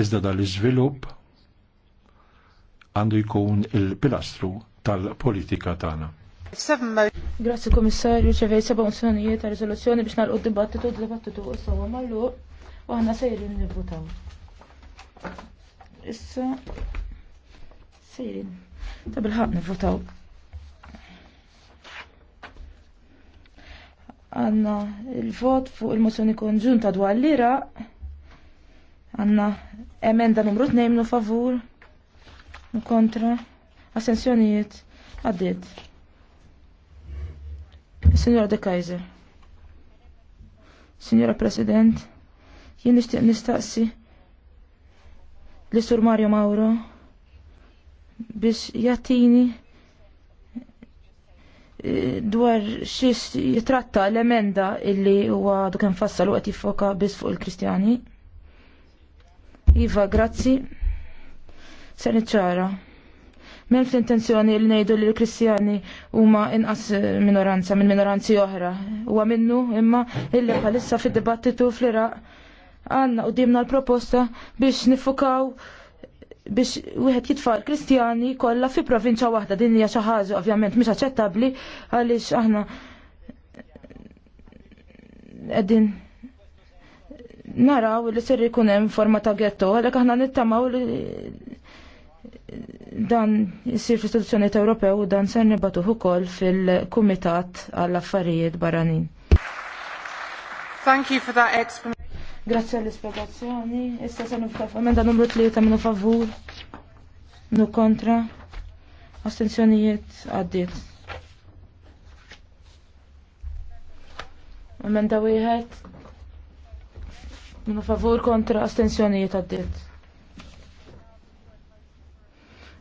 Iżda dal-iżvilupp għandu jkun il-pilastru tal-politika tagħna. Grazzi komissarju ċevej seba' unzjonijiet ta' riżoluzzjoni biex nagħlqu d-dibattitu d-dibattitu sewa mallu u aħna sejrin nivvutaw. Issa sejrin. Ta' bil-ħaq nivvutaw. Għanna il-vot fuq il-mozzjoni konġunta dwar l-Iraq Għanna emenda numru 2 minu favur. U kontra. Assenzjonijiet. Għaddit. Signora De Kaiser. Signora President. Jien nistaqsi. Li sur Mario Mauro. Biex jatini eh, dwar xis jitratta l-emenda illi huwa dukem fassal u qed jiffoka biss fuq il-Kristjani. Iva, grazzi. Ser ċara. M'hemmx l-intenzjoni li ngħidu li l-Kristjani huma inqas minoranza minn minoranzi oħra. Huwa minnu imma illi bħalissa fid-dibattitu fl-Iraq għandna qudiemna l-proposta biex nifukaw biex wieħed jitfal kristjani kollha fi provinċja waħda din hija xi ħaġa ovvjament mhix aċċettabbli għaliex aħna qegħdin naraw li ser jkun hemm forma ta' ghetto, għalhekk aħna nittamaw li dan jisir fi istituzzjonijiet Ewropew u dan ser nibatuh ukoll fil-Kumitat għall-Affarijiet Barranin. Thank you for that explanation. Grazie għall-ispiegazzjoni. Issa se nifkaf emenda numru 3 minnu favur, minnu kontra, astenzjonijiet għaddiet. Emenda wieħed Minu favur kontra astensjonijiet għaddit.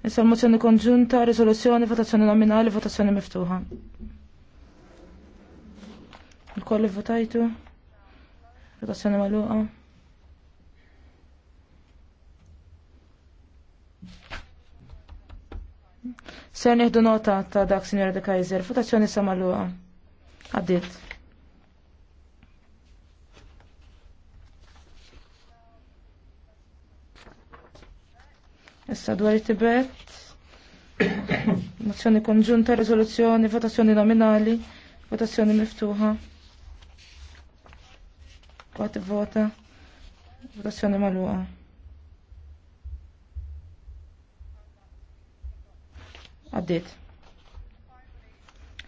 Issa l-mozzjoni konġunta, risoluzzjoni, votazzjoni nominali, votazzjoni miftuħa. Il-kolli votajtu, votazzjoni maluqa. Ser nieħdu nota ta' dak, Sinjora De Kaiser, votazzjoni sa maluqa. Għaddit. Issa dwar it-Tibet, mozzjoni konġunta, rezoluzzjoni, votazzjoni nominali, votazzjoni miftuħa. Kwati vota, votazzjoni maluqa. Għaddit.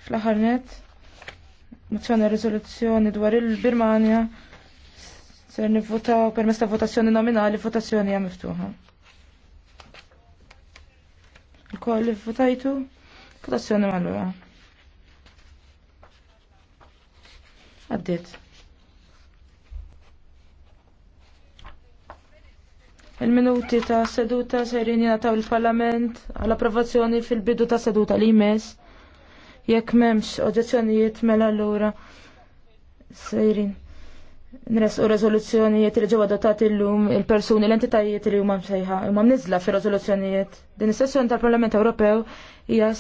Fl-ħarnet, mozzjoni rezoluzzjoni dwar il-Birmania, ser nivvota permesta ta' votazzjoni nominali, votazzjoni miftuħa il-koll votajtu. Votazzjoni mal-lura. Għaddit. Il-minuti ta' seduta serin jataw il-parlament għal-approvazzjoni fil-bidu ta' seduta li jmess. Jekk memx oġezzjonijiet mela l-lura. Sejrin nresqu rezoluzzjonijiet li ġew adottati llum il-persuni l-entitajiet li huma msejħa huma nizla fir-rezoluzzjonijiet. Din is-sessjoni tal-Parlament Ewropew hija